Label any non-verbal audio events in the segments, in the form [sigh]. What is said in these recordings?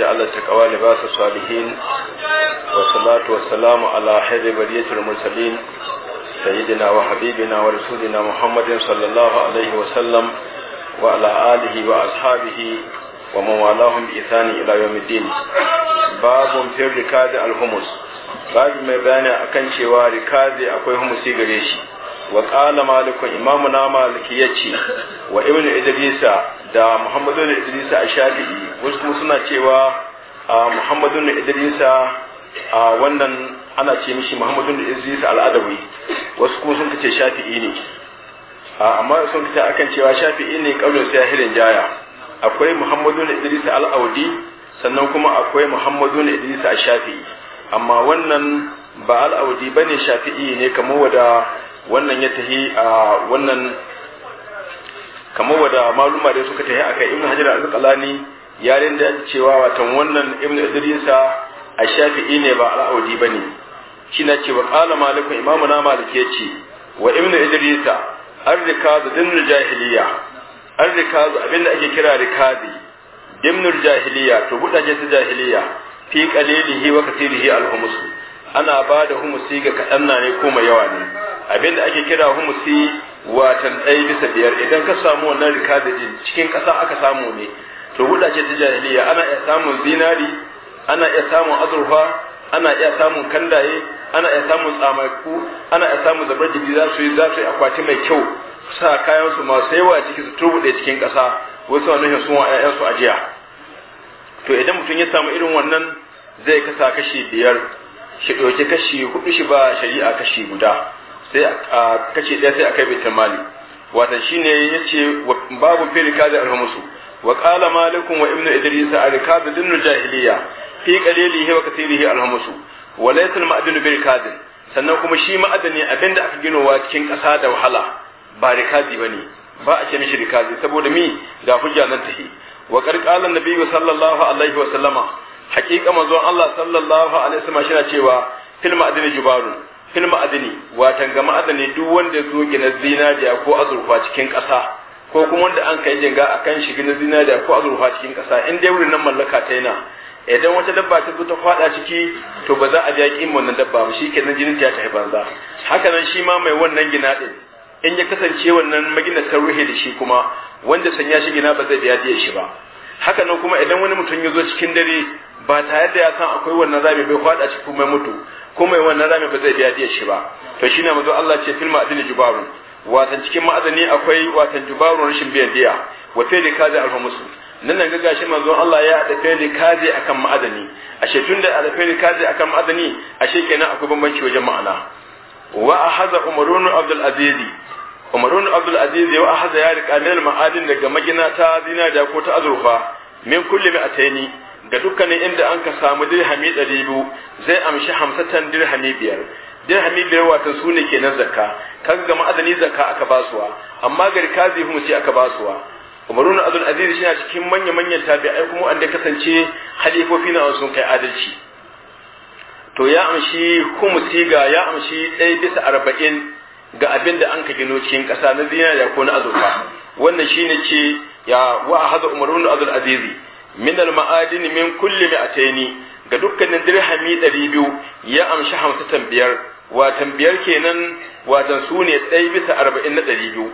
ji Allah ta kawo libasa salihin wa salatu ala hajji bariyatul musalin sayidina wa habibina wa rasulina muhammadin sallallahu alaihi wa sallam wa wa ashabihi wa mawalahum bi ithani ila yawmiddin babun rikazi alhumus babu mai bayani akan cewa rikazi akwai humusi gare shi wa qala malikun imamu na maliki yace wa ibnu idrisa da muhammadu da idrisa a shafi'i wasu kuma suna cewa muhammadu da idrisa a wannan ana ce mishi muhammadu da idrisa al'adawi wasu kuma sun kace shafi'i ne amma sun kace akan cewa shafi'i ne kaulin hirin jaya akwai muhammadu da idrisa al'audi sannan kuma akwai muhammadu da idrisa a shafi'i amma wannan ba al'audi bane shafi'i ne kamar wada wannan ya tahi a wannan kamar wada maluma da suka tafi akai ibnu hajar al-asqalani ya rinda cewa watan wannan ibnu idrisa a shafi'i ne ba al'audi bane shi na cewa qala malikun imamu na maliki ya ce wa ibnu idrisa ar-rikazu dinul jahiliya ar abin abinda ake kira rikazi dimnul jahiliya to budaje ta jahiliya fi qalilihi wa katilihi al-humus ana ba da humusi ga kadanna ne ko mai yawa ne Abin da ake kira humusi watan ɗaya bisa biyar idan ka samu wannan rikadidin cikin ƙasa aka samu ne to wudace ta jahiliya ana iya samun zinari ana iya samun azurfa ana iya samun kandaye ana iya samun tsamaku ana iya samun zabar za su yi za su akwati mai kyau sa kayan su masu yawa ciki su turbuɗe cikin ƙasa wasu wani nufin sun wa su ajiya to idan mutum ya samu irin wannan zai kasa kashi biyar shi ɗauki kashi hudu shi ba shari'a kashi guda sai a kace ɗaya sai a kai baitul mali wata shine yace babu fil kadi alhamsu wa qala malikun wa ibnu idris al kadi dinu jahiliya fi qalilihi wa kathirihi alhamsu wa laysa al-ma'dun bil kadi sannan kuma shi ma'adani abinda aka ginowa cikin ƙasa da wahala ba rikazi bane ba a ce mishi rikazi saboda mi ga hujja nan tahi wa qarqalan nabiyyu sallallahu alaihi wa sallama haƙiƙa manzon Allah sallallahu alaihi wa sallama shi cewa fil ma'dani jubarun fil ma'adini watan ga ma'adani duk wanda ya zo gina zinariya ko azurfa cikin ƙasa ko kuma wanda an kai jinga akan shi gina zinariya ko azurfa cikin ƙasa in dai wurin nan mallaka ta yana idan wata dabba ta zo ta fada ciki to ba za a biya kin wannan dabba ba shi ke nan jinin ta ta banza haka nan shi ma mai wannan gina din in ya kasance wannan magina ta ruhe da shi kuma wanda sanya shi gina ba zai biya diya shi ba haka nan kuma idan wani mutum ya zo cikin dare ba tare da ya san akwai wannan zabi bai fada ciki kuma mutu kuma mai wannan rami ba zai biya diya shi ba to shi ne mazo Allah ce filma adini jubarun watan cikin ma'adani akwai watan jubarun rashin biyan diya wa fi da kazi alfa musu nan nan gaga shi mazo Allah ya da fi da kazi akan ma'adani ashe tunda da fi da kazi akan ma'adani ashe kenan akwai bambanci wajen ma'ana wa ahaza umarun abdul azizi umarun abdul azizi wa ahaza ya rika nan ma'adin daga magina ta zinariya ko ta azurfa min kulli mi'ataini ga dukkanin inda an ka samu dirhami ɗari biyu zai amshi hamsatan dirhami biyar dirhami biyar watan su ne kenan zakka kaga ga ma'adani zakka aka basuwa amma ga rikazi hu ce aka basuwa umarun abdul aziz shi cikin manya manyan tabi'ai kuma da kasance halifofi na sun kai adalci to ya amshi kumusi ga ya amshi ɗaya bisa arba'in ga abin da an ka gino cikin ƙasa na zinariya ko na azurfa wannan shi shine ce ya wa hada umarun abdul azizi من المعادن من كل مئتين ga dukkanin dirhami 200 ya amshi hamsa tambiyar watan biyar kenan watan su ne ɗaya bisa arba'in na ɗari biyu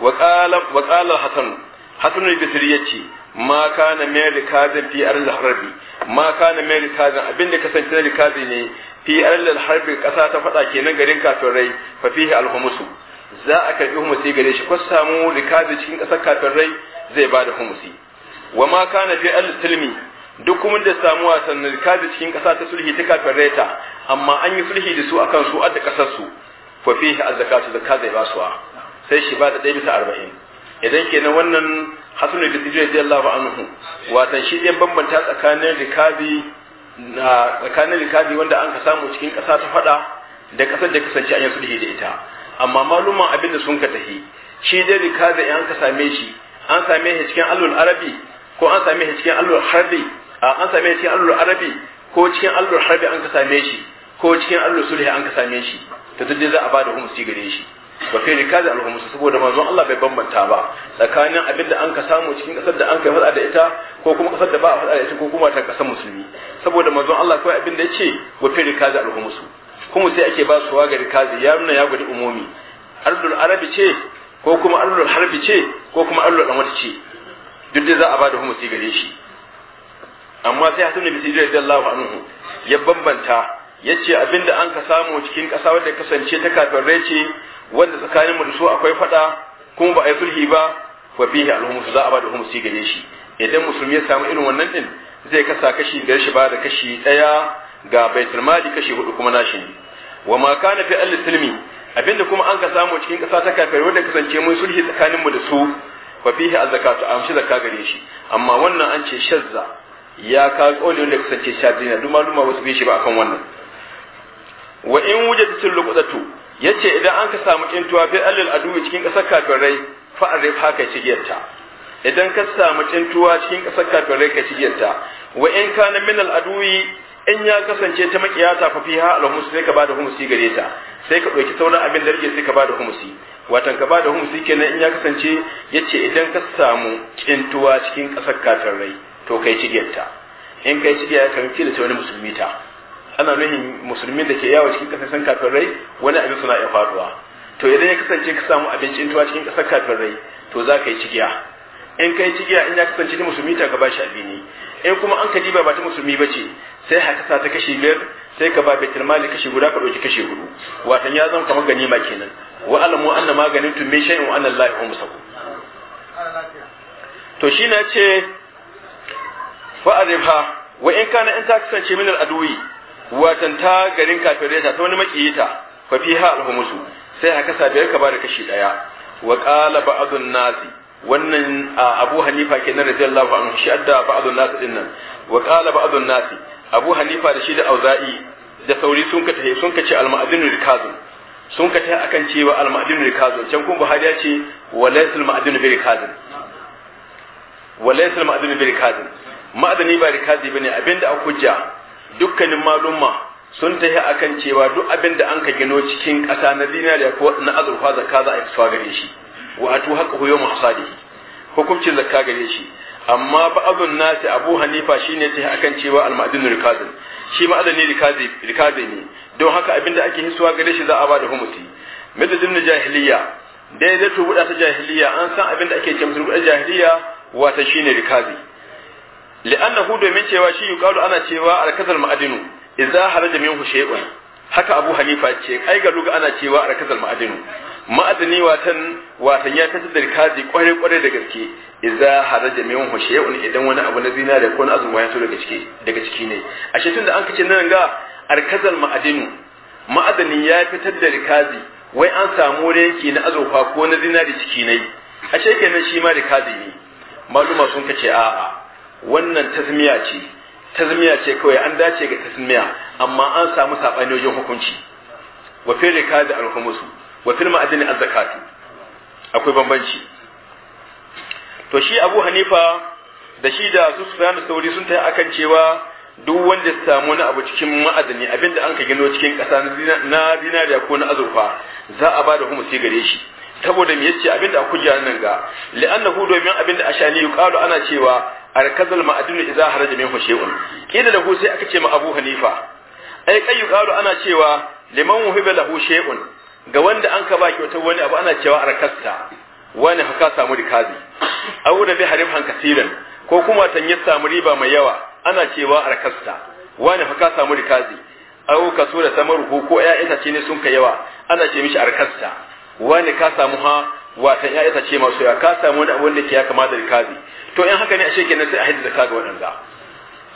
wa ƙalar hasan hasan bisiri ya ce ma kana mai rikazin fi arzal harbi ma kana mai rikazin abin da kasance na rikazi ne fi arzal harbi ƙasa ta faɗa kenan garin kafirai fa fihi alhumusu za a karɓi humusi gare shi ko samu rikazi cikin ƙasar kafirai zai ba da humusi wa ma kana fi al-silmi duk kuma da samu sannan kabi cikin ƙasa ta sulhi ta kafin reta amma an yi sulhi da su akan su adda kasar su fa fihi az-zakatu zakka zai basuwa sai shi ba da ɗaya bisa arba'in idan kenan wannan hasanu da tijiya radiyallahu anhu watan shi ɗaya bambanta tsakanin rikabi na tsakanin rikabi wanda an ka samu cikin ƙasa ta fada da ƙasar da kasance an yi sulhi da ita amma maluman abinda sun ka tafi. shi dai rikabi an ka same shi an same shi cikin alul arabi ko an same shi cikin allur harbi an same shi cikin allur arabi ko cikin allur harbi an ka same shi ko cikin allur sulhi an ka same shi to duk za a ba da humusi gare shi ba fi ne kaza alhumusu saboda manzon Allah bai bambanta ba tsakanin abin da an ka samu cikin kasar da an kai fada da ita ko kuma kasar da ba a fada da ita ko kuma ta kasar musulmi saboda manzon Allah kawai abin da yace wa fi al alhumusu kuma sai ake ba su waga rikazi ya nuna ya gudu umumi ardul arabi ce ko kuma ardul harbi ce ko kuma ardul dan ce duk da za a bada humusi gare shi amma sai hasan da bisi radiyallahu anhu ya bambanta yace abinda an ka samu cikin ƙasa wadda kasance ta kafin ce wanda tsakanin mu da su akwai fada kuma ba a yi sulhi ba wa bihi alhumus za a bada humusi gare shi idan musulmi ya samu irin wannan din zai kasa kashi da shi ba da kashi ɗaya ga baitul mali kashi hudu kuma nashi wa ma kana fi al-silmi abinda kuma an ka samu cikin ƙasa ta kafirai wadda kasance mun sulhi tsakanin mu da su fa fihi az-zakatu amshi zakka gare shi amma wannan an ce shazza ya ka kauli wanda kasance shazina duma duma ba su bi shi ba akan wannan wa in wujadatul luqdatu yace idan an ka samu kintuwa fi alil adu cikin kasar kafirai fa arif haka cigiyarta idan ka samu kintuwa cikin kasar kafirai ka cigiyarta wa in kana min al aduwi in ya kasance ta makiyata fa fiha al humus sai ka bada humusi gare ta sai ka dauki sauran abin da rike sai ka bada humusi watan gaba da humusi kenan in ya kasance yace idan ka samu kintuwa cikin kasar kafirai to kai ta in kai cigiya kan kila ta wani musulmi ta ana nuhin musulmin da ke yawo cikin san kafirai wani abin suna iya faruwa to idan ya kasance ka samu abin tuwa cikin kasar kafirai to za ka yi cigiya in kai cigiya in ya kasance ta musulmi ta ka ba shi abini in kuma an ka diba ba ta musulmi ba ce sai haka sa ta kashi biyar sai ka ba baitul mali kashi guda ka dauki kashi hudu watan ya zama kamar ganima kenan wa alamu anna maganin tun mai shay'in wa anna lillahi wa musaku to shi na ce arifa wa in kana in ta kasance min al'adui watan ta garin kafirai ta wani makiyita fa fiha al-humusu sai haka sa biyar ka ba da kashi daya wa qala ba'dun nasi wannan abu hanifa rajin lafa an shi adda ba'dun nas din nan wa qala ba'adun nasi abu hanifa da shi da auza'i da sauri sun ka tafi sun ka ce al-ma'dinu rikazun sun ka tafi akan cewa al-ma'dinu rikazu can kun buhari ya ce wa laysa al-ma'dinu bi rikazun wa laysa al bi ma'adani ba rikazi bane abinda a hujja dukkanin malumma sun tafi akan cewa duk abinda an ka gino cikin ƙasa na zinariya ko na azurfa zakka za a yi gare shi wa atu haqqahu yawm hasadihi hukuncin zakka gare shi amma ba'adun nasi abu hanifa shine sai akan cewa al-ma'dinu rikazin shi ma'adani rikazi rikazi ne don haka abinda ake hisuwa gare shi za a bada humusi madadin jahiliya to turbuda ta jahiliya an san abinda ake cewa turbuda jahiliya wata shine rikazi li'annahu domin cewa shi yuqalu ana cewa al-kazal ma'adinu idza haraja minhu shay'un haka abu hanifa ce ai ga ana cewa al-kazal ma'adinu ma'adani watan watan ya fitar da kaji kware kware da gaske idza haraja min hushayun idan wani abu na zinare ko na azuma ya fito daga ciki daga ciki ne a da an kace nan ga arkazal ma'adinu ma'adani ya fitar da rikazi wai an samu yanki na azufa ko na zinari ciki ne a shekenan shi ma rikazi ne maluma sun kace a'a wannan tasmiya ce tasmiya ce kawai an dace ga tasmiya amma an samu sabani wajen hukunci wa fi rikazi al-khumusu wa fil ma'adini az zakati akwai bambanci to shi Abu Hanifa da shi da su Sufyan Sauri sun tayi akan cewa duk wanda ya samu wani abu cikin ma'adani abinda an ka gino cikin ƙasa na zinariya ko na azurfa za a ba da humusi gare shi saboda me yace abinda a nan ga li'annahu domin abinda ashani yuqalu ana cewa arkazul ma'adinu idza haraja min shay'un kida lahu sai aka ce ma Abu Hanifa ai kai yuqalu ana cewa liman wuhiba lahu shay'un ga wanda an ka ba kyautar wani abu ana cewa arkasta wani haka samu rikazi abu da bi harif hankasiran ko kuma tan ya samu riba mai yawa ana cewa arkasta wani haka samu rikazi abu kaso da samaru ko ya ce ne sun ka yawa ana ce mishi arkasta wani ka samu ha watan ya itace masu ya ka samu wani abu da ke ya kama da rikazi to in haka ne a shekenan sai a hidda zakka ga waɗanda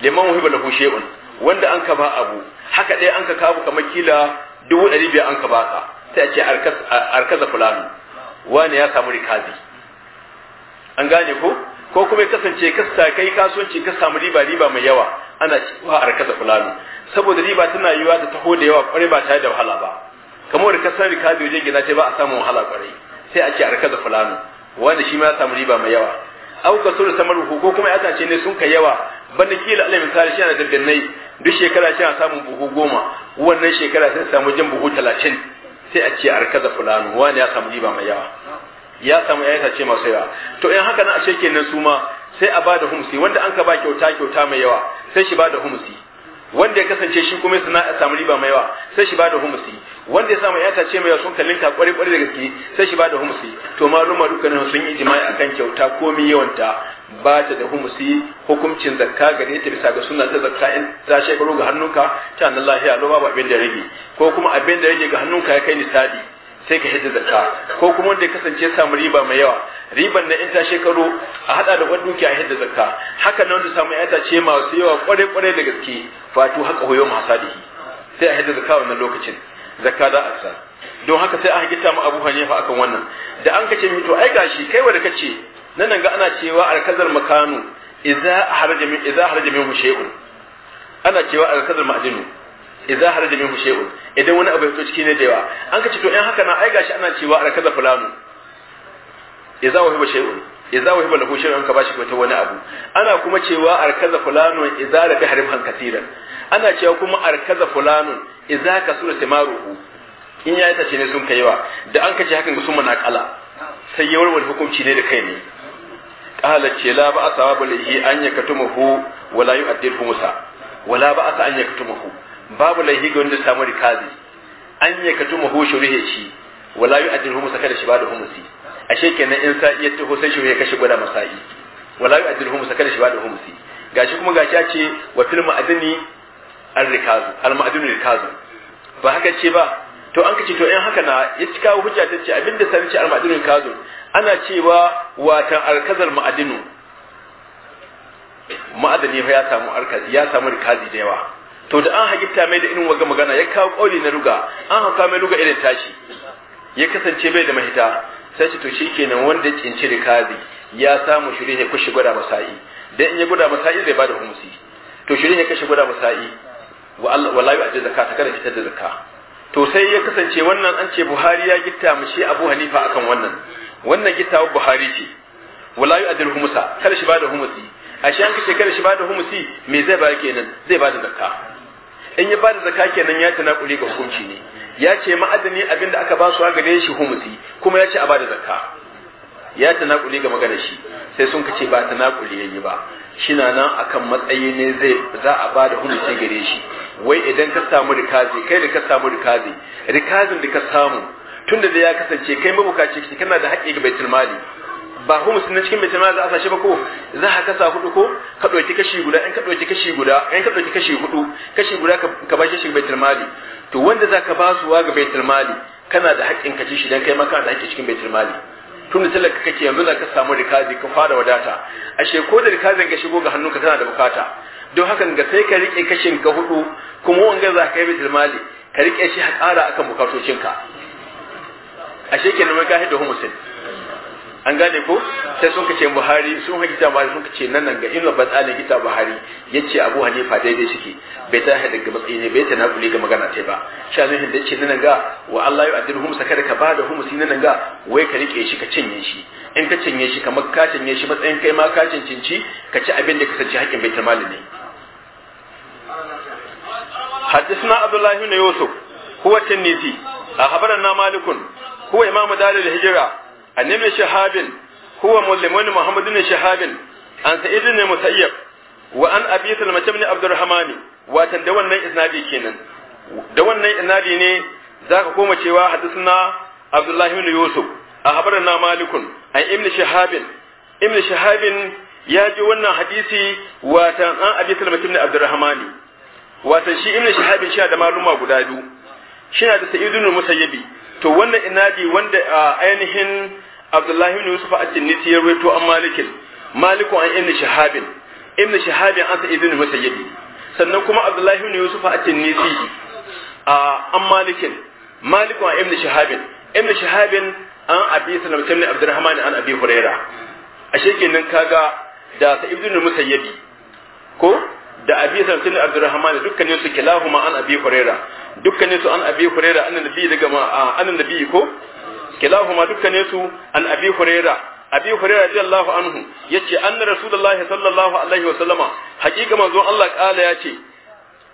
liman muhibba lahu shay'un wanda an ka ba abu haka dai an ka kabu kamar kila dubu ɗari biyar an ka ba ka. sai a ce arkaza fulani wani ya samu rikazi an gane ko ko kuma ya kasance kasta kai kasuwanci ka samu riba riba mai yawa ana cewa arkaza fulani saboda riba tana yiwa ta taho da yawa kwarai ba tare da wahala ba kamar da kasan rikazi wajen gina ce ba a samun wahala kwarai sai a ce arkaza fulani wanda shi ma ya samu riba mai yawa au ka sura samar ko kuma ya ce ne sun ka yawa banda kila alal misali shi yana da daddannai duk shekara shi yana samun buhu goma wannan shekara sai samu jan buhu talatin sai a ce arkaza fulanu wani ya samu riba mai yawa ya samu ya ce masu yawa to in haka na ashe kenan su ma sai a bada humsi wanda an ka ba kyauta kyauta mai yawa sai shi bada humsi wanda ya kasance shi kuma suna samu riba mai yawa sai shi bada humusi wanda ya samu yata ce mai yawa sun kallin ka kwari kwari da gaske sai shi bada humusi to ma dukkanin sun yi jima'i akan kyauta ko mi yawanta ba ta da humusi hukuncin zakka gare ta bisa ga sunna ta zakka in ta shekaru ga hannunka ta nan ya lo babu abin da rage ko kuma abin da rage ga hannunka ya kai nisabi sai ka hidda zakka ko kuma wanda ya kasance samu riba mai yawa riban na in ta shekaru a hada da wadda a hidda zakka haka nan wanda samu yata ce masu yawa kware kware da gaske fatu haka hoyo masadihi sai a hidda zakka wannan lokacin zakka za a sa don haka sai a hakita mu Abu Hanifa akan wannan da an kace mi to ai gashi kai wanda kace nan nan ga ana cewa alkazar makanu idza haraja idza haraja mu shay'un ana cewa alkazar ma'jinu idza harja minhu shay'un idan wani abu ya fito ciki ne da yawa an ka ce to in haka na ai gashi ana cewa a kaza fulanu idza wahiba shay'un idza wahiba lahu shay'un ka bashi wata wani abu ana kuma cewa a kaza fulanu idza bi harfan katiran ana cewa kuma a kaza fulanu idza sura timaruhu in ya tace ne sun kai yawa da an kace hakan sun mana kala sai yawar wani hukunci ne da kai ne qala ce la ba asawa balihi an yakatumuhu wala yu'addihu musa wala ba asa an yakatumuhu babu laihi ga wanda samu rikazi an ka tuma hushu rihe shi wala yu ajruhu musaka kada shi bada humusi ashe kenan in sa iya taho sai shi ya kashe gwada masai wala yu ajin musaka kada shi bada humusi gashi kuma gashi ya ce wa fil ma'adini al rikazu al ma'adinu rikazu ba haka ce ba to an kace to in haka na ya ci kawo hujja ta ce abinda sai ce al ma'adinu rikazu ana cewa watan arkazal ma'adinu ma'adani ya samu arkazi ya samu rikazi da yawa to da an hagifta mai da irin waga magana ya kawo kauli na ruga an hauka mai ruga irin tashi ya kasance bai da mahita sai ce to kenan wanda ya cinci rikazi ya samu shirin ya kushe gwada masa'i dan in ya gwada masa'i zai bada humusi to shirin ya kashe gwada masa'i wallahi a zakka ta kada fitar da zakka to sai ya kasance wannan an ce Buhari ya gitta mu shi Abu Hanifa akan wannan wannan gittawar Buhari ce wallahi adil humusa kada shi bada humusi shi an kace kada shi bada humusi me zai ba kenan zai bada zakka in ya da zaka kenan ya kuri ga hukunci ne ya ce ma'adani abin da aka ba su gare shi humusi kuma ya ce a ba da zaka. ya kuri ga magana shi sai sun kace ba kuri yayi ba shina nan akan matsayi ne zai za a ba da humusi gare shi wai idan ka samu rikazi kai da ka samu rikazi rikazin da ka samu tunda da ya kasance kai mabukaci kana da haƙƙi ga baitul mali ba ko musulmi cikin bai tana za a sashi ba ko za ka kasa hudu ko ka ɗauki kashi guda in ka ɗauki kashi guda in ka ɗauki kashi hudu kashi guda ka ba shi shi baitul mali to wanda za ka ba su wa ga baitul mali kana da haƙƙin ka ci shi dan kai ma kana da haƙƙi cikin baitul mali tun da talaka kake yanzu za ka samu rikazi ka fara wadata ashe ko da rikazin ka shigo ga hannunka kana da bukata don hakan ga sai ka rike kashin ka hudu kuma wanga za ka yi baitul mali ka rike shi ƙara akan bukatocinka ashe kenan wai ka hidda homosin an gane ko sai sun kace buhari sun haji ta buhari sun kace nan nan ga illa batsalin kita buhari yace abu hanifa daidai shike bai ta hada ga matsayi ne bai ta na ga magana ta ba sha zuhin da ce nan ga wa Allah yu'addiluhum sakar ka ba da humus nan ga wai ka rike shi ka cinye shi in ka cinye shi kamar ka cinye shi matsayin kai ma ka cincinci ka ci abin da ka sace hakkin baitul mal ne حدثنا عبد الله بن يوسف هو التنيسي أخبرنا مالك هو إمام دار الهجرة annabi shahabin huwa mulmin muhammad ibn shahabin an sa'id ibn musayyab wa an abi salma ibn abdurrahman watan da wannan isnadi kenan da wannan isnadi ne zaka koma cewa hadisna abdullah ibn yusuf a akhbarana malikun an ibn shahabin ibn shahabin ya ji wannan hadisi watan an abi salma ibn abdurrahman watan shi ibn shahabin shi da maluma guda biyu shine da sa'idun musayyabi to wannan inadi wanda ainihin abdullahi ibn yusuf at-tinisi ya rawaito an malikin maliku an ibn shahabin ibn shahabin an sa'idun musayyabi sannan kuma abdullahi ibn yusuf a tinniti an malikin maliku an ibn shahabin ibn shahabin an abi salam ibn abdurrahman an abi huraira ashe kenan kaga da sa'idun musayyabi ko da abi salam ibn abdurrahman dukkanin su kilahuma an abi huraira dukkanin su an abi huraira an annabi daga an annabi ko kilahuma dukkanin su an abi huraira abi huraira radiyallahu anhu yace anna rasulullahi sallallahu alaihi wa sallama haƙiƙa manzon Allah kala yace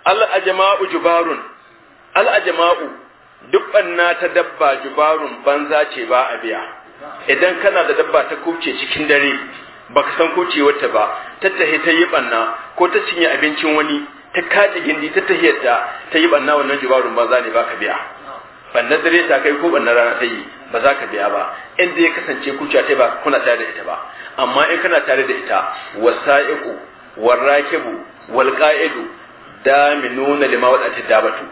al ajma'u jubarun al ajma'u duk banna ta dabba jubarun banza ce ba a biya idan kana da dabba ta kuce cikin dare baka san kucewar ta ba ta ta yi banna ko ta cinye abincin wani ta kace gindi ta tahiyar ta ta yi banna wannan jibarun ba zane ne ba ka biya banna dare ta kai ko bannan rana ta yi ba za ka biya ba inda ya kasance kuciya ta ba kuna tare da ita ba amma in kana tare da ita wasa'iqu warakibu walqa'idu daminuna lima wadatu dabatu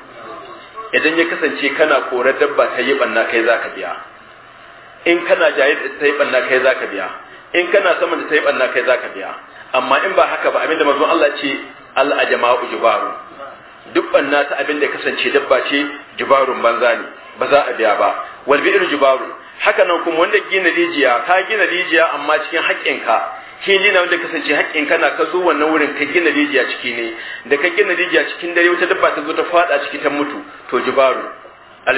idan ya kasance kana korar dabba ta yi banna kai za ka biya in kana jaye da ta yi banna kai za ka biya in kana saman da ta yi banna kai za ka biya amma in ba haka ba abinda manzon Allah ce al'ajama'u jubaru Jibaru, banna ta abin da kasance dabba ce jubarun banza ne ba za a biya ba wal bi'ru jubaru haka nan kuma wanda gina rijiya ka gina rijiya amma cikin haƙƙinka hili na wanda kasance haƙƙinka na ka zo wannan wurin ka gina rijiya ciki ne da ka gina rijiya cikin dare wata dabba ta zo ta fada ciki ta mutu to jubaru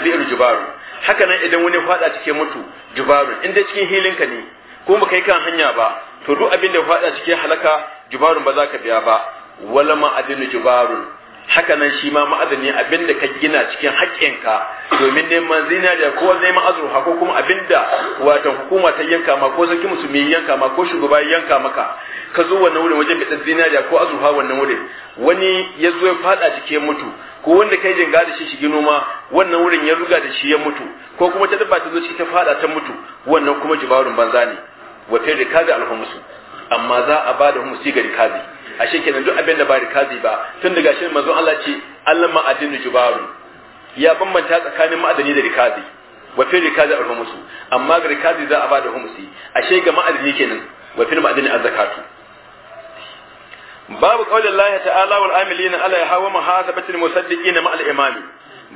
bi'ru jubaru haka nan idan wani fada cikin mutu Jibaru, in dai cikin hilinka ne kuma baka yi kan hanya ba to duk abin da fada cikin halaka jubarun ba za ka biya ba wala ma'adinu jubarun haka nan shi ma ma'adani abinda ka gina cikin haƙƙinka domin neman zinariya ko neman azurfa ko kuma abinda watan hukuma ta yanka ma ko sarki musulmi yanka ma ko shugaba yanka maka ka zo wannan wurin wajen bidan zinariya ko azurfa wannan wurin wani ya zo ya fada cike mutu ko wanda kai jinga da shi gino ma wannan wurin ya ruga da shi ya mutu ko kuma ta dabba ta zo ta fada ta mutu wannan kuma jibarun banza ne wa fi rikazi alhumusu amma za a ba da humusi ga rikazi ashe kenan duk abin da ba rikazi ba tun daga shi manzon Allah ce Allah ma'adinu jubaru ya bambanta tsakanin ma'adani da rikazi wa fi rikazi al humusu amma ga rikazi za a ba da humusi ashe ga ma'adani kenan wa fi ma'adani az-zakatu babu qaulin lahi ta'ala wal amilina ala hawa muhasabatil musaddiqina al imami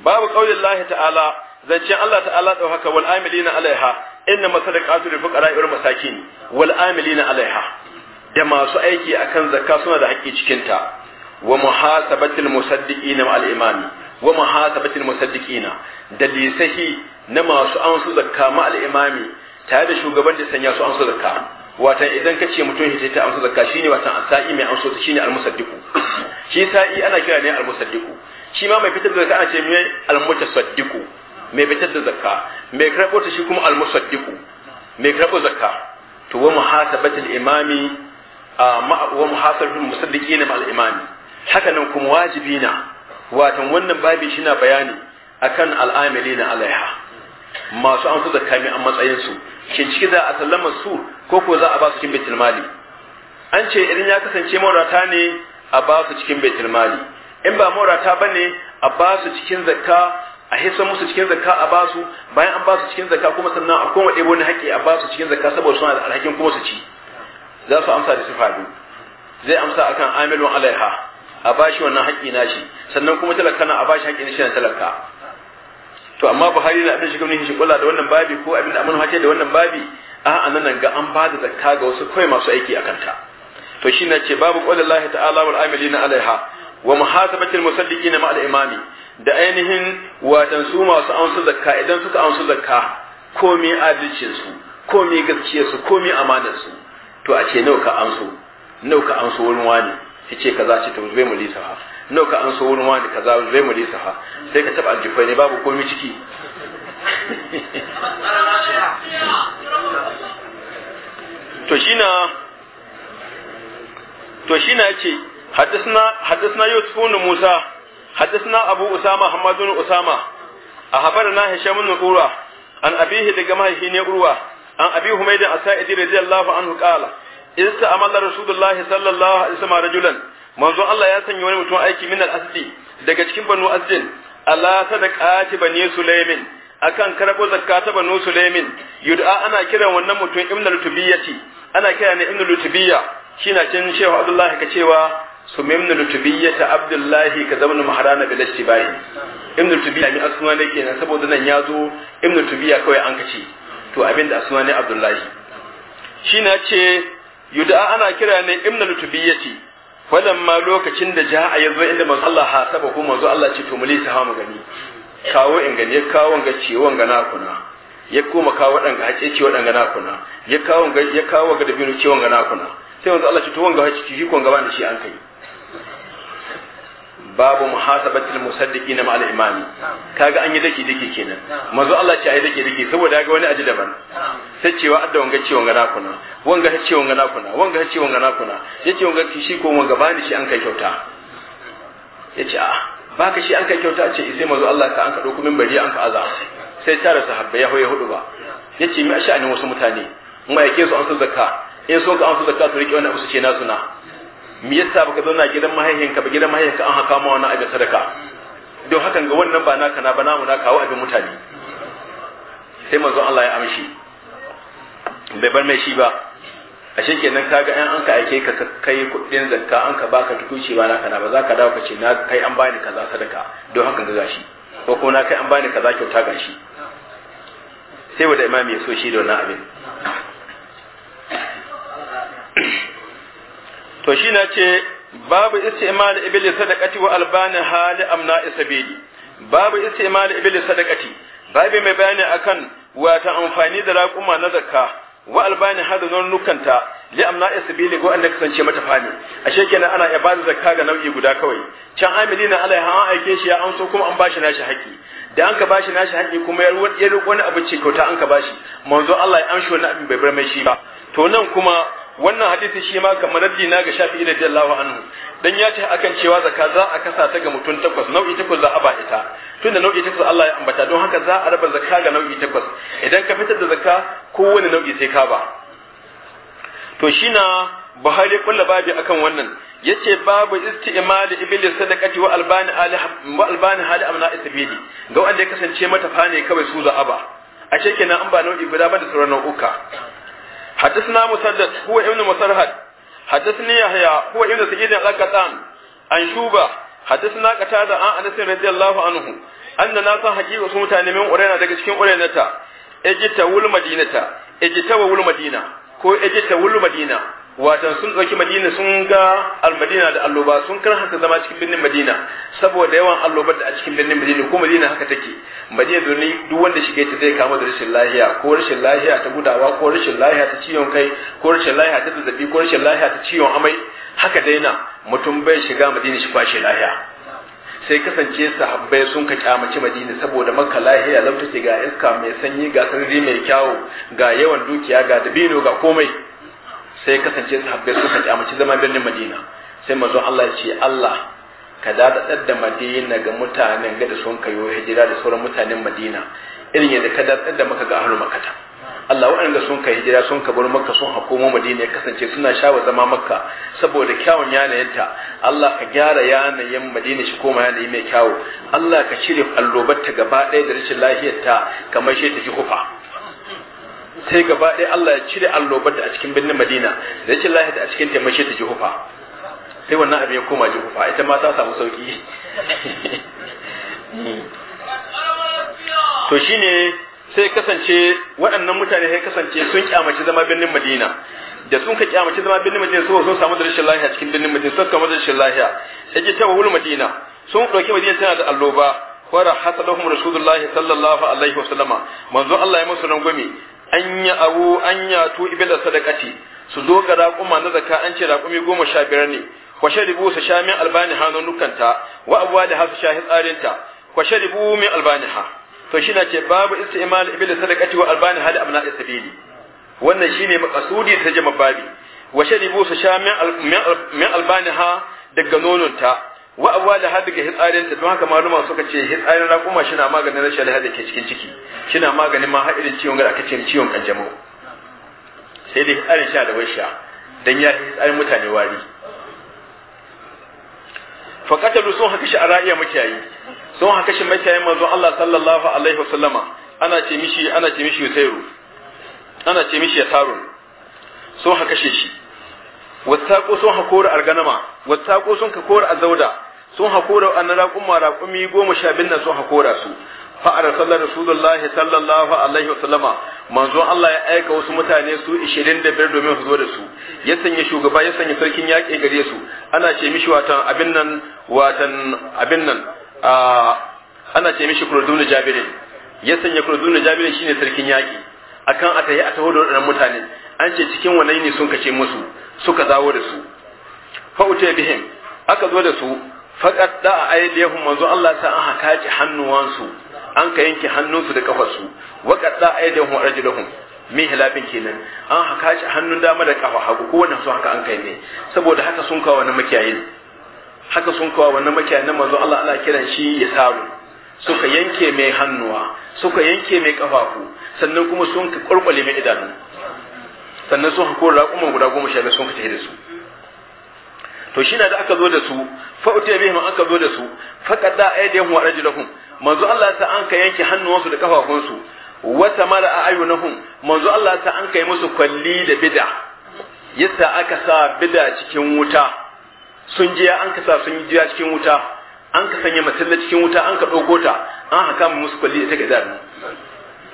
babu qaulin lahi ta'ala zancen Allah ta'ala da haka wal amilina alaiha inna masadaqatu lil fuqara wal masakin wal amilina alaiha da masu aiki akan zakka suna da haƙƙi cikin ta wa muhasabatil musaddiqina al imami wa muhasabatil musaddiqina da lisahi na masu amsu zakka ma al imami tare da shugaban da sanya su amsu zakka watan idan kace mutum hita ta amsu zakka shine watan sa'i mai amsu ta shine al musaddiqu shi sa'i ana kira ne al musaddiqu shi ma mai fitar da zakka ana ce mai al mutasaddiqu mai fitar da zakka mai karɓo ta shi kuma al musaddiqu mai karɓo zakka to wa muhasabatil imami wa muhasabin musaddiqin al imani haka nan kuma wajibi na watan wannan babi shi na bayani akan al'amili na alaiha masu an su kami a matsayin su kin ciki za a sallama su ko ko za a ba su cikin baitul mali an ce idan ya kasance maurata ne a ba su cikin baitul mali in ba maurata bane a ba su cikin zakka a hisa musu cikin zakka a ba su bayan an ba su cikin zakka kuma sannan a koma ɗebo wani haƙƙi a ba su cikin zakka saboda suna da alhakin kuma su ci za su amsa da su zai amsa akan amilun alaiha a bashi wannan haƙƙi nashi sannan kuma talaka na a bashi haƙƙi nashi na talaka to amma Buhari na abin shiga shi kula da wannan babi ko abin da amin hace da wannan babi a anan ga an ba da zakka ga wasu kawai masu aiki a kanta. to shi na ce babu lahi ta'ala wal na alaiha wa muhasabatil musaddiqina ma'al imami da ainihin watan su masu amsu zakka idan suka amsu zakka komai adalcin su komai gaskiyar su komai amanar su to a ce nawa ka anso nawa ka anso wurin wani ya ce kaza ce to zai mu ha nawa ka anso wurin wani kaza zai mu ha sai ka taba aljifai [laughs] ne babu komai ciki to shina to shina ce حدثنا حدثنا يوسف بن موسى حدثنا أبو أسامة محمد بن أسامة أخبرنا هشام بن عروة عن أبيه لجماعه هنا عروة an abi humaydin asaidi radiyallahu anhu qala insa amalla rasulullahi sallallahu alaihi wasallam rajulan manzo Allah ya sanya wani mutum aiki min al daga cikin banu asdin ala sadaqati bani sulaimin akan karbo zakka ta banu sulaimin yud'a ana kiran wannan mutum ibn lutubiyati ana kira ne ibn lutubiya na cin shehu abdullahi ka cewa sumimnu lutubiyyata abdullahi ka zama maharana bil istibahi ibn lutubiya mi asuna ne kenan saboda nan ya zo ibn lutubiya kawai an kace to abin da suna ne abdullahi shi na ce yuda ana kira ne imna lutubiyyati ma lokacin da ja'a ya zo inda manzo Allah hasaba ko manzo Allah ce to mulisa ha mu gani kawo in gani ya kawo ga ciwon ga nakuna ya koma kawo dan ga hace ciwon dan ga nakuna ya kawo ga ya kawo ga dabino ciwon ga nakuna sai manzo Allah ce to wanga hace ciwon ga ba da shi an kai babu muhasabatil musaddiqina ma'al imami kaga an yi dake dake kenan manzo Allah ce ai dake dake saboda ga wani aji daban sai cewa adda wanga ce wanga nakuna wanga ce wanga nakuna wanga ce wanga nakuna yace wanga shi ko wanga bani shi an kai kyauta yace a ah, baka shi an kai kyauta ce sai manzo Allah ka an ka ku min bari an ka aza sai tare sahabbai ya hoye hudu ba yace me sha'anin wasu mutane mai yake su an su zakka in so ka an su zakka to rike wani abu su ce na suna me yasa baka zauna gidan ka ba gidan ka an haka ma wannan abin sadaka don hakan ga wannan ba naka na ba namu na kawo abin mutane sai manzo Allah ya amshi bai bar mai shi ba a kenan kaga ɗan an ka aike ka kai kudin zakka an ka baka tukuci ba naka na ba za ka dawo ka ce na kai an bani kaza sadaka don hakan ga gashi ko ko na kai an bani kaza kyauta gashi sai wanda imami ya so shi da wannan abin to shi na ce babu istimal ibili sadakati wa albani hali amna isabili babu istimal ibili sadakati babu mai bayani akan wata amfani da raƙuma na zakka wa albani hada zon nukanta li amna isabili ko anda kasance mata fani a shekina ana iya bada zakka ga nau'i guda kawai can amili na alaiha an aike shi ya amso kuma an bashi nashi haƙi da an ka bashi nashi haƙi kuma ya wani abu ce kyauta an ka bashi manzo Allah ya amshi na abin bai bar mai shi ba to nan kuma wannan hadisi shi ma kamar raddi na ga Shafi'i radiyallahu anhu dan ya ce akan cewa zaka za a kasa ta ga mutum takwas nau'i takwas za a ba ita tunda nau'i takwas Allah ya ambata don haka za a raba zakka ga nau'i takwas idan ka fitar da zakka kowane nau'i sai ka ba to shi na Buhari kulla babi akan wannan yace babu isti'mal iblis sadaqati wa albani ali wa albani hali amna isbili ga wanda ya kasance mata fane kawai su za a ba a kenan an ba nau'i guda ba da sauran nau'uka حدثنا مسدد هو ابن مسرهد حدثني يحيى هو ابن سعيد القطان عن شوبة حدثنا قتادة عن أنس رضي الله عنه أن ناسا حقيقة سمتا من أورينا daga cikin أورينتا اجتا ول مدينة اجتا ول مدينة ko اجتا ول مدينة watan sun ɗauki madina sun ga almadina da alloba sun kan haka zama cikin birnin madina saboda yawan allobar da a cikin birnin madina ko madina haka take madina domin duk wanda shige ta zai kama da rashin lahiya ko rashin lahiya ta gudawa ko rashin lahiya ta ciwon kai ko rashin lahiya ta zazzabi ko rashin lahiya ta ciwon amai haka daina mutum bai shiga madina shi kwashe lahiya sai kasance sahabbai sun ka kyamaci madina saboda makka lahiya lamta ga iska mai sanyi ga sarari mai kyawu ga yawan dukiya ga dabino ga komai sai kasance sahabbai suka ci amince zama birnin madina sai mazo Allah ya ce Allah ka dadadar da madina ga mutanen ga da sun kayo hijira da sauran mutanen madina irin yadda ka dadadar da maka ga ahlul makka Allah waɗanda sun kai hijira sun ka bar makka sun hakomo madina ya kasance suna shawa zama makka saboda kyawun yanayinta Allah ka gyara yanayin madina shi koma yanayi mai kyawu Allah ka cire allobarta gaba ɗaya da rashin lafiyarta kamar shi ta ji kufa sai gaba ɗaya Allah ya cire allobar da a cikin birnin Madina da ya ce lahi da a cikin taimashe ta Jihufa sai wannan abin ya koma Jihufa ita ma ta samu sauki [laughs] to shine sai kasance waɗannan mutane sai kasance sun kyamaci zama birnin Madina da sun ka kyamaci zama birnin Madina sai sun samu da rashin lahiya cikin birnin Madina sun kama da rashin lahiya ji ta wulu Madina sun ɗauki Madina tana da alloba wara hasalahum rasulullahi sallallahu alaihi wasallama manzo Allah ya musu rangwame an ya abu an yi ya tu da sadakati su zo ga raƙuma na zaka an ce raƙumi goma sha biyar ne wa ribu su sha min albani ha hannun ta wa abuwa da hasu sha hitsarinta wa ribu min albani ha to shi na ce babu istimal ibila sadakati wa albani ha na abna isabili wannan shi ne makasudi ta jama babi wa ribu su sha min albani ha daga nonon ta. wa abuwa da hadu ga hitsarin ta don haka maluma suka ce hitsarin raƙuma shi na maganin rashin lahiya da ke cikin ciki shi na maganin ma haɗin ciwon gara aka ce ciwon kanjamau sai dai hitsarin sha da wai sha dan ya hitsarin mutane wari fakatalu sun haka shi a ra'iya makiyayi sun haka shi makiyayin manzo Allah sallallahu alaihi wasallama ana ce mishi ana ce mishi yusairu ana ce mishi yasarun sun haka shi wasaqo sun hakora alganama wasaqo sun ka kori azauda sun hakura annan raƙumma raƙumi goma sha biyu nan sun haƙura su fa arsalna rasulullah sallallahu alaihi wa sallama manzo Allah ya aika wasu mutane su 25 domin su zo da su ya sanya shugaba ya sanya sarkin yaƙi gare su ana ce mishi watan abin nan watan abin nan ana ce mishi kurdun jabiri ya sanya kurdun jabiri shine sarkin yaƙi akan a tayi a taho da waɗannan mutane an ce cikin wannan ne sun kace musu suka zawo da su fa utay bihim aka zo da su Faƙar da a aidiyahum manzo Allah sa an hakaci hannuwansu an ka yanke hannunsu da ƙafarsu. Waƙar da a da arjulahum min hilafin kenan an hakaci hannun dama da kafa hagu ko wannan su haka an kai ne saboda haka sun kawo wannan makiyayin haka sun kawo wannan makiyayin manzo Allah Allah kiran shi ya saru suka yanke mai hannuwa suka yanke mai kafafu sannan kuma sun ka kurkule mai idanu sannan sun hakura raƙuman guda goma sha biyu sun fita tafi da su to shi da aka zo da su fa utiya bihim aka zo da su fa qadda aydihim wa rajulahum manzo Allah ta an ka yanke hannuwansu da kafafunsu wa a ayunahum manzo Allah ta an kai musu kwalli da bid'a yasa aka sa bid'a cikin wuta sun je an ka sa sun je cikin wuta an ka sanya matalla cikin wuta an ka ɗauko ta an haka musu kwalli da ga idanu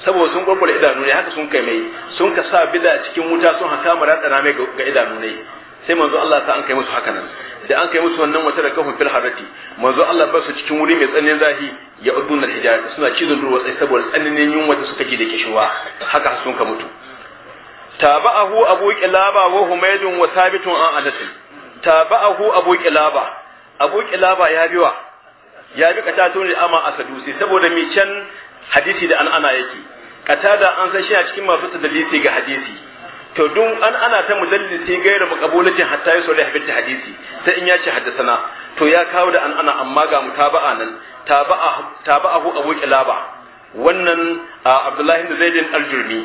saboda sun gurgura idanu ne haka sun kai mai sun ka sa bid'a cikin wuta sun haka mara ratsana mai ga idanu ne sai manzo Allah ta an kai musu haka nan sai an kai musu wannan wata da kafin fil harati manzo Allah ba su cikin wuri mai tsananin zafi ya udun al suna cizon durwa sai saboda tsananin yunwa da suka ji da kishuwa haka sun ka mutu tabahu abu qilaba wa humaydun wa thabitun an adatin tabahu abu qilaba abu qilaba ya biwa ya bi kata tun ama asadusi saboda mi can hadisi da an ana yake kata da an san shi a cikin masu tadalisi ga hadisi to dun an ana ta mudallisi gaira makabulatin hatta yaso da habita hadisi sai in ya ce haddasana to ya kawo da an ana amma ga mutaba'a nan taba'a taba'ahu abu kilaba wannan abdullahi bin zaidin aljurmi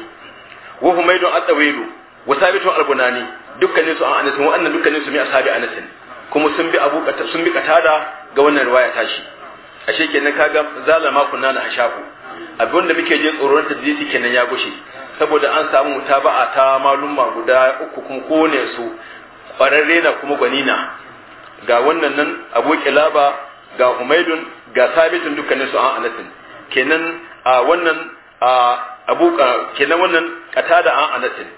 wa humaydun at-tawilu wa sabitun al-bunani dukkanin su an anas wa'annan dukkanin su mai asabi anasin kuma sun bi abu sun bi katada ga wannan riwaya tashi ashe kenan kaga zalama kunna na hashaku abin da muke jin tsoron tadisi kenan ya gushe saboda an samu mutaba'a ta malumma guda uku kuma kone su kwararre na kuma gwanina ga wannan nan abu kilaba ga humaidun ga sabitun dukkanin su an anatin. kenan a wannan a abu kenan wannan da an anatin.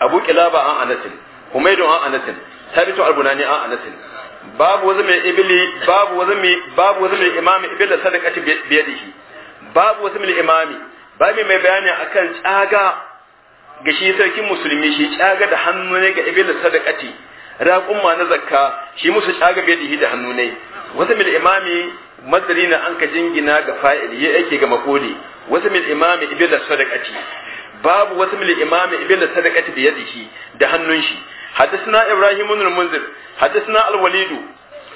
abu kilaba an anatin, humaidun an anatin, sabitun albunani an anatin. babu wani mai ibili babu wani mai babu wani mai imami ibilla sadaqati biyadihi babu wani mai imami babi mai bayani akan tsaga ga shi sarkin musulmi shi tsaga da hannu ne ga ibil sadaqati raƙumma na zakka shi musu tsaga bai dihi da hannu ne wata mil imami masdari na an ka jingina ga fa'il ya yake ga makoli wata mil imami ibil sadaqati babu wata mil imami ibil sadaqati da yadihi da hannun shi حدثنا ibrahim بن المنذر حدثنا الوليد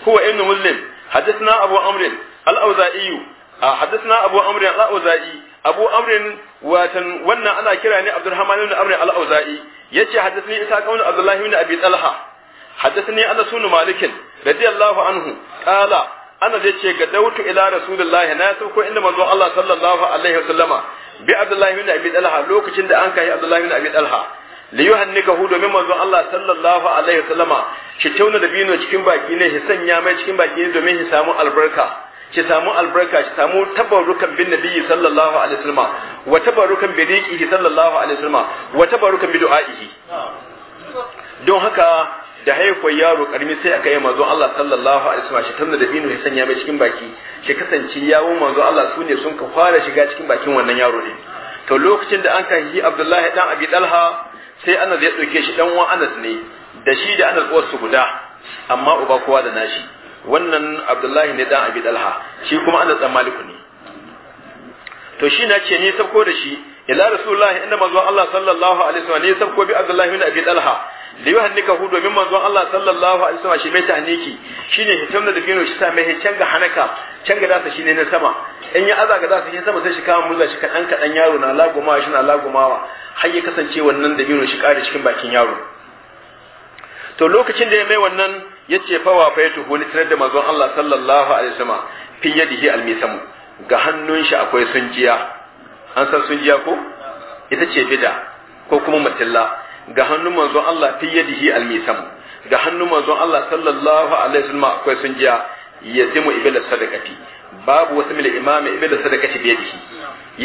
هو ابن مسلم حدثنا أبو عمرو الأوزائي حدثنا أبو عمرو الأوزائي abu amrin watan wannan ana kira ne abdurrahman ibn amr al-auza'i yace haddathani isa kaunu abdullahi ibn abi talha haddathani ana sunu malik radiyallahu anhu qala ana da ce ga dautu ila rasulullahi na sauko inda manzo Allah sallallahu alaihi wa sallama bi abdullahi ibn abi talha lokacin da an kai abdullahi ibn abi talha li hu domin manzo Allah sallallahu alaihi wa sallama ki tauna da bino cikin baki ne shi sanya mai cikin baki ne domin shi samu albarka ki samu albarka ki samu tabarukan bin nabiyyi sallallahu alaihi wasallam wa tabarukan bi riqihi sallallahu alaihi wasallam wa tabarukan bi du'aihi don haka da haihuwar yaro karmi sai aka yi manzo Allah sallallahu alaihi wasallam shi tanda da binu ya sanya mai cikin baki shi kasance yawo manzo Allah su ne sun ka fara shiga cikin bakin wannan yaro ne to lokacin da an kan yi Abdullahi dan Abi Talha sai Anas ya dauke shi dan wa Anas ne da shi da Anas wasu guda amma uba kowa da nashi wannan abdullahi ne dan abi dalha shi kuma anas dan maliku ne to shi na ce ni sabko da shi ila rasulullahi inda manzon Allah sallallahu alaihi wasallam ne sabko bi abdullahi bin abi dalha da yohan nika hu domin manzon Allah sallallahu alaihi wasallam shi mai tahniki shine hitam da dafino shi sa mai hitan ga hanaka can ga dasa shine na sama in ya aza ga dasa shi sama sai shi kama murza shi kan kadan yaro na lagumawa shi na lagumawa har ya kasance wannan da shi kare cikin bakin yaro to lokacin da ya mai wannan ya ce fa wa fa yatuhu da mazon Allah sallallahu alaihi wasallam fi yadihi almisamu ga hannun shi akwai sunjiya an san sunjiya ko ita ce bida ko kuma matilla ga hannun mazon Allah fi yadihi almisamu ga hannun mazon Allah sallallahu alaihi wasallam akwai sunjiya ya zimu ibila sadaqati babu wasu mil imam ibila sadaqati bi yadihi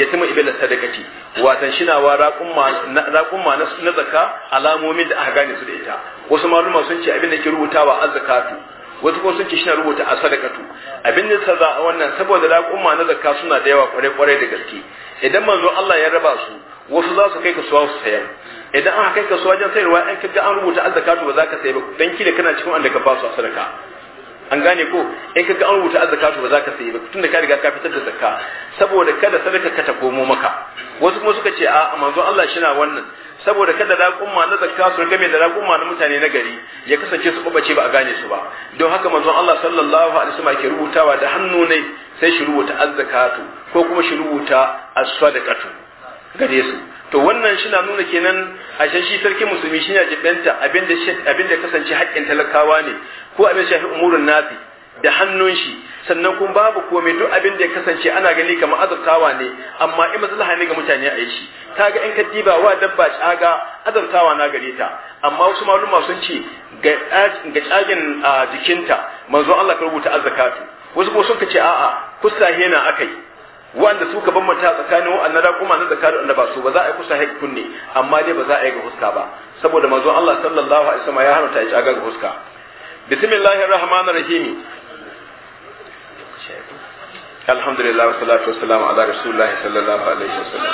yatimu ibila sadaqati watan shinawa raqumma raqumma na zakka alamomin da aka gane su da ita wasu maluma sun ce abin da ke rubutawa azzakatu wasu kuma sun ce shi na rubuta a sadakatu abin da a wannan saboda raƙumma na zakka suna da yawa kware kware da gaske idan manzo Allah ya raba su wasu za su kai kasuwa su sayar idan aka kai kasuwa jan sayarwa an kaga an rubuta azzakatu ba za ka sayi ba dan kila kana cikin wanda ka ba su a sadaka an gane ko in kaga an rubuta to ba za ka sayi ba tunda ka riga ka fitar da zakka saboda kada sadaka ka ta komo maka wasu kuma suka ce a manzo Allah shi na wannan saboda kada raƙumma na zakka su game da raƙumma na mutane na gari ya kasance su babace ba a gane su ba don haka manzo Allah sallallahu alaihi wasallam ke rubutawa da hannu ne sai shi rubuta azzakatu ko kuma shi rubuta as-sadaqatu gare su to wannan shi na nuna kenan ashe shi sarkin musulmi shi na jibinta abin da kasance haƙƙin talakawa ne ko abin shafi umurin nafi da hannun shi sannan kuma babu komai duk abin da ya kasance ana gani kamar azurtawa ne amma in maslaha ne ga mutane a yi shi ga in ka diba wa dabba caga azurtawa na gare ta amma wasu maluma sun ce ga cagin jikinta manzo Allah ka rubuta azzakatu wasu ko sun ce a'a kusa hena akai wanda suka bambanta tsakanin wa'annan raƙuma na tsakanin wanda ba su ba za a yi kusa haik kunne amma dai ba za a yi ga huska ba saboda manzon Allah sallallahu alaihi wasallam ya haramta ya ci ga huska bismillahir rahmanir rahim alhamdulillah wassalatu wassalamu ala rasulillah sallallahu alaihi wasallam